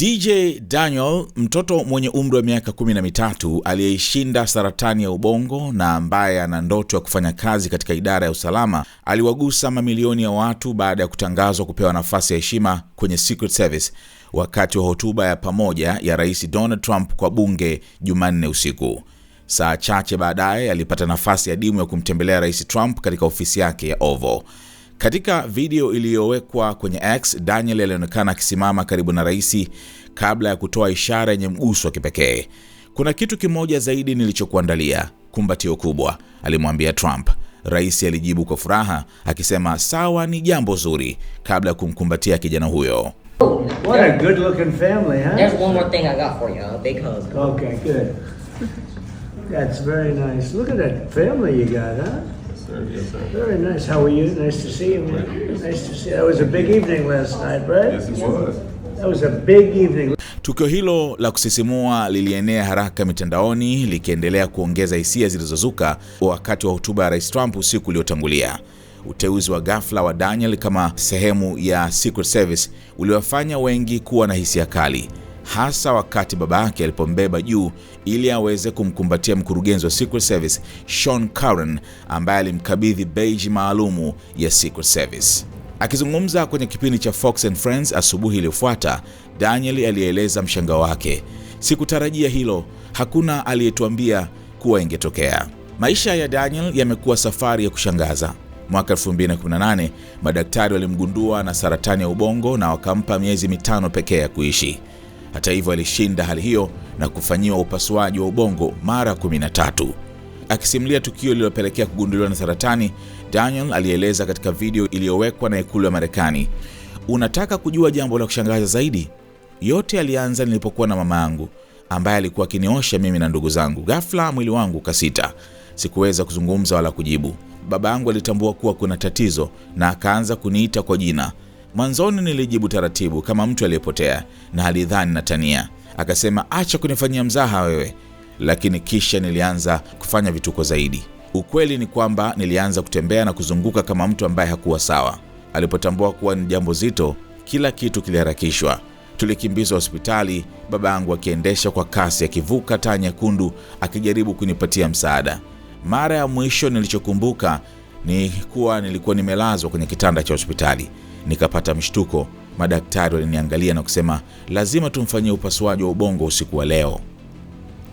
DJ Daniel, mtoto mwenye umri wa miaka kumi na mitatu aliyeishinda saratani ya ubongo na ambaye ana ndoto ya kufanya kazi katika idara ya usalama, aliwagusa mamilioni ya watu baada ya kutangazwa kupewa nafasi ya heshima kwenye Secret Service wakati wa hotuba ya pamoja ya Rais Donald Trump kwa bunge Jumanne usiku. Saa chache baadaye alipata nafasi adimu ya kumtembelea Rais Trump katika ofisi yake ya Oval. Katika video iliyowekwa kwenye X, Daniel alionekana akisimama karibu na rais kabla ya kutoa ishara yenye mguso wa kipekee. Kuna kitu kimoja zaidi nilichokuandalia, kumbatio kubwa, alimwambia Trump. Rais alijibu kwa furaha akisema, sawa, ni jambo zuri, kabla ya kumkumbatia kijana huyo. What a good looking family, huh? There's one more thing I got for you, a big hug. Okay, good. That's very nice. Look at that family you got, huh? sir. Yes, sir. Very nice. How are you? Nice to see you. Nice to see. You. That was a big evening last night, right? Yes, it was. Tukio hilo la kusisimua lilienea haraka mitandaoni likiendelea kuongeza hisia zilizozuka wakati wa hotuba ya Rais Trump usiku uliotangulia. Uteuzi wa ghafla wa Daniel kama sehemu ya Secret Service uliwafanya wengi kuwa na hisia kali hasa wakati baba yake alipombeba juu ili aweze kumkumbatia mkurugenzi wa Secret Service Sean Curran ambaye alimkabidhi beji maalumu ya Secret Service. Akizungumza kwenye kipindi cha Fox and Friends asubuhi iliyofuata, Daniel alieleza mshangao wake. Sikutarajia hilo, hakuna aliyetuambia kuwa ingetokea. Maisha ya Daniel yamekuwa safari ya kushangaza. Mwaka 2018 madaktari walimgundua na saratani ya ubongo na wakampa miezi mitano pekee ya kuishi. Hata hivyo, alishinda hali hiyo na kufanyiwa upasuaji wa ubongo mara 13. Akisimulia tukio lililopelekea kugunduliwa na saratani, Daniel alieleza katika video iliyowekwa na ikulu ya Marekani, unataka kujua jambo la kushangaza zaidi? Yote alianza nilipokuwa na mama yangu ambaye alikuwa akiniosha mimi na ndugu zangu. Ghafla mwili wangu kasita sikuweza kuzungumza wala kujibu. Baba yangu alitambua kuwa kuna tatizo na akaanza kuniita kwa jina Mwanzoni nilijibu taratibu kama mtu aliyepotea, na alidhani natania. Akasema, acha kunifanyia mzaha wewe, lakini kisha nilianza kufanya vituko zaidi. Ukweli ni kwamba nilianza kutembea na kuzunguka kama mtu ambaye hakuwa sawa. Alipotambua kuwa ni jambo zito, kila kitu kiliharakishwa. Tulikimbizwa hospitali, baba yangu akiendesha kwa kasi, akivuka taa nyekundu, akijaribu kunipatia msaada. Mara ya mwisho nilichokumbuka ni kuwa nilikuwa nimelazwa kwenye kitanda cha hospitali. Nikapata mshtuko. Madaktari waliniangalia na kusema lazima tumfanyie upasuaji wa ubongo usiku wa leo.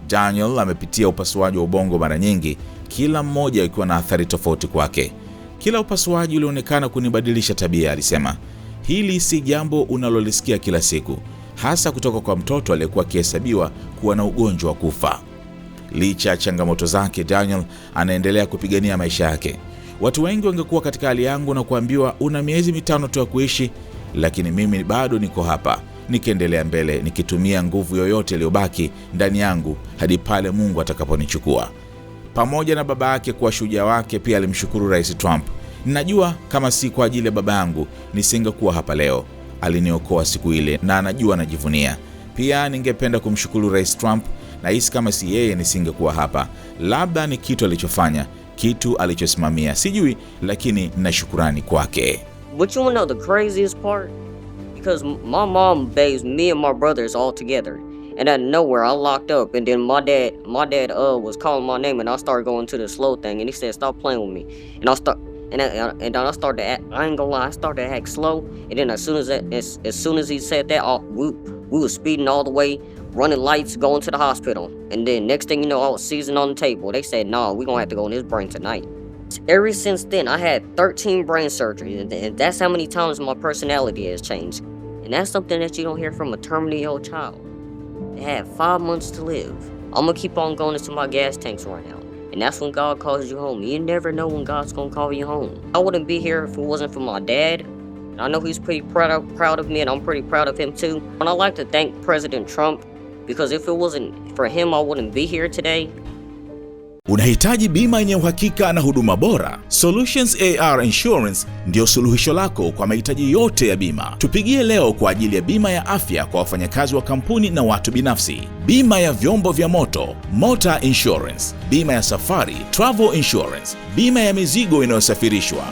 Daniel amepitia upasuaji wa ubongo mara nyingi, kila mmoja akiwa na athari tofauti kwake. Kila upasuaji ulionekana kunibadilisha tabia, alisema. Hili si jambo unalolisikia kila siku, hasa kutoka kwa mtoto aliyekuwa akihesabiwa kuwa na ugonjwa wa kufa. Licha ya changamoto zake, Daniel anaendelea kupigania maisha yake. Watu wengi wangekuwa katika hali yangu na kuambiwa una miezi mitano tu ya kuishi, lakini mimi bado niko hapa nikiendelea mbele, nikitumia nguvu yoyote iliyobaki ndani yangu hadi pale Mungu atakaponichukua. Pamoja na baba yake kuwa shujaa wake, pia alimshukuru Rais Trump. ninajua kama si kwa ajili ya baba yangu nisingekuwa hapa leo. Aliniokoa siku ile na anajua anajivunia. Pia ningependa kumshukuru Rais Trump nahisi kama si yeye nisingekuwa hapa. Labda ni kitu alichofanya, kitu alichosimamia, sijui, lakini na shukurani kwake. But you know the craziest part because my mom bathes me and my brothers all together and out of nowhere I locked up and then my dad my dad uh was calling my name and I started going to the slow thing and he said stop playing with me and I start and, I, uh, and I started to act, I ain't gonna lie I started to act slow and then as soon as that, as, as soon as he said that I, we, we was speeding all the way running lights, going to the hospital. And then next thing you know, I was seizing on the table. They said, no, nah, we're going to have to go on this brain tonight. Ever since then, I had 13 brain surgeries, and that's how many times my personality has changed. And that's something that you don't hear from a terminally ill child. They had five months to live. I'm gonna keep on going until my gas tanks run out. And that's when God calls you home. You never know when God's gonna call you home. I wouldn't be here if it wasn't for my dad. I know he's pretty proud of, proud of me, and I'm pretty proud of him too. And I'd like to thank President Trump because if it wasn't for him, I wouldn't be here today. Unahitaji bima yenye uhakika na huduma bora? Solutions AR Insurance ndio suluhisho lako kwa mahitaji yote ya bima. Tupigie leo kwa ajili ya bima ya afya kwa wafanyakazi wa kampuni na watu binafsi, bima ya vyombo vya moto, motor insurance, bima ya safari, travel insurance, bima ya mizigo inayosafirishwa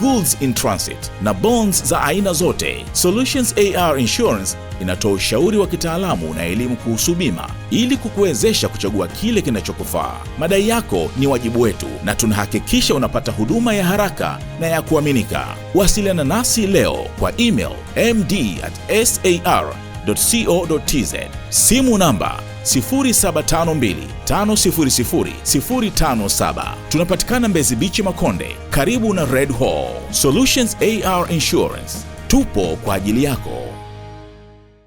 goods in transit na bonds za aina zote. Solutions AR Insurance inatoa ushauri wa kitaalamu na elimu kuhusu bima ili kukuwezesha kuchagua kile kinachokufaa. Madai yako ni wajibu wetu, na tunahakikisha unapata huduma ya haraka na ya kuaminika. Wasiliana nasi leo kwa email md at sar.co.tz, simu namba 0752500057. Tunapatikana Mbezi bichi Makonde, karibu na Red Hall. Solutions AR Insurance tupo kwa ajili yako.